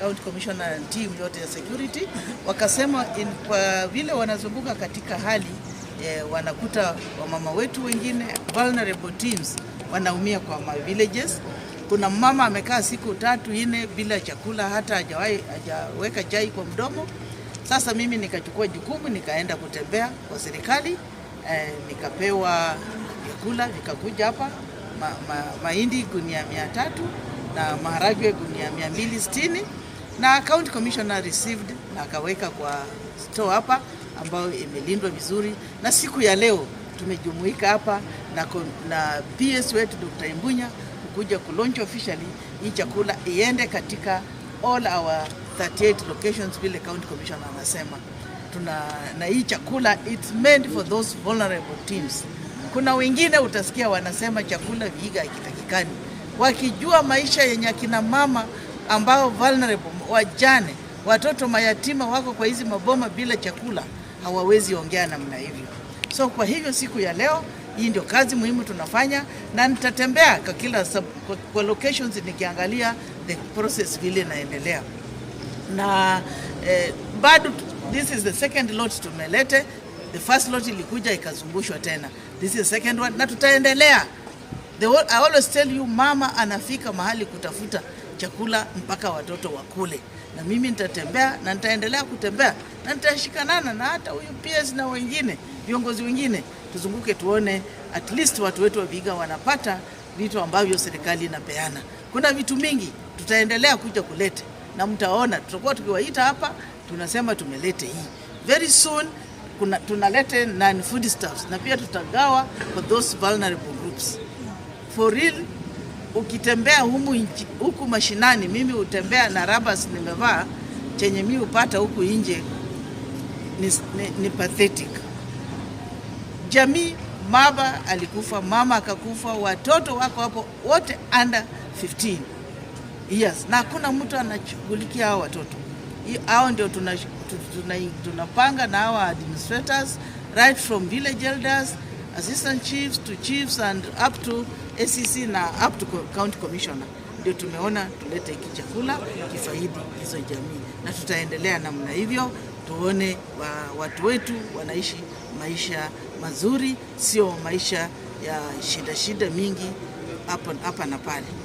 County Commissioner na team yote ya security wakasema in, kwa vile wanazunguka katika hali eh, wanakuta wamama wetu wengine vulnerable teams wanaumia kwa my villages. Kuna mama amekaa siku tatu nne bila chakula hata hajawahi hajaweka chai kwa mdomo. Sasa mimi nikachukua jukumu nikaenda kutembea kwa serikali eh, nikapewa vyakula nikakuja hapa ma, ma, mahindi gunia mia tatu na maharagwe gunia mia mbili sitini na county commissioner received na akaweka kwa store hapa ambayo imelindwa vizuri, na siku ya leo tumejumuika hapa na, na PS wetu Dr. Imbunya kuja kulaunch officially hii chakula iende katika all our 38 locations vile county commissioner anasema. Tuna na hii chakula it's meant for those vulnerable teams. Kuna wengine utasikia wanasema chakula viiga hakitakikani, wakijua maisha yenye akina mama ambao vulnerable, wajane, watoto mayatima wako kwa hizi maboma bila chakula, hawawezi ongea namna hivyo. So kwa hivyo siku ya leo hii ndio kazi muhimu tunafanya, na nitatembea kwa kila sub, kwa, kwa locations nikiangalia the process vile inaendelea na eh, bado this is the second lot tumelete. The first lot ilikuja ikazungushwa tena, this is the second one, na tutaendelea. The, I always tell you mama anafika mahali kutafuta chakula mpaka watoto wakule, na mimi nitatembea na nitaendelea kutembea na nitashikanana na hata huyu PS na wengine viongozi wengine, tuzunguke tuone at least watu wetu wa Vihiga wanapata vitu ambavyo serikali inapeana. Kuna vitu mingi tutaendelea kuja kulete na mtaona, tutakuwa tukiwaita hapa tunasema tumelete hii very soon. Kuna tunalete non food stuffs na pia tutagawa for those vulnerable groups for real ukitembea humu inchi, huku mashinani, mimi hutembea na rabas nimevaa, chenye mi hupata huku nje ni, ni, ni pathetic. Jamii, baba alikufa, mama akakufa, watoto wako hapo wote under 15 years na hakuna mtu anashughulikia hao watoto. Hao ndio tunapanga tuna, tuna, tuna na hawa administrators right from village elders assistant chiefs to chiefs and up to ACC na up to county commissioner, ndio tumeona tulete hiki chakula kifaidi hizo jamii, na tutaendelea namna hivyo, tuone wa, watu wetu wanaishi maisha mazuri, sio maisha ya shida shida mingi hapa na pale.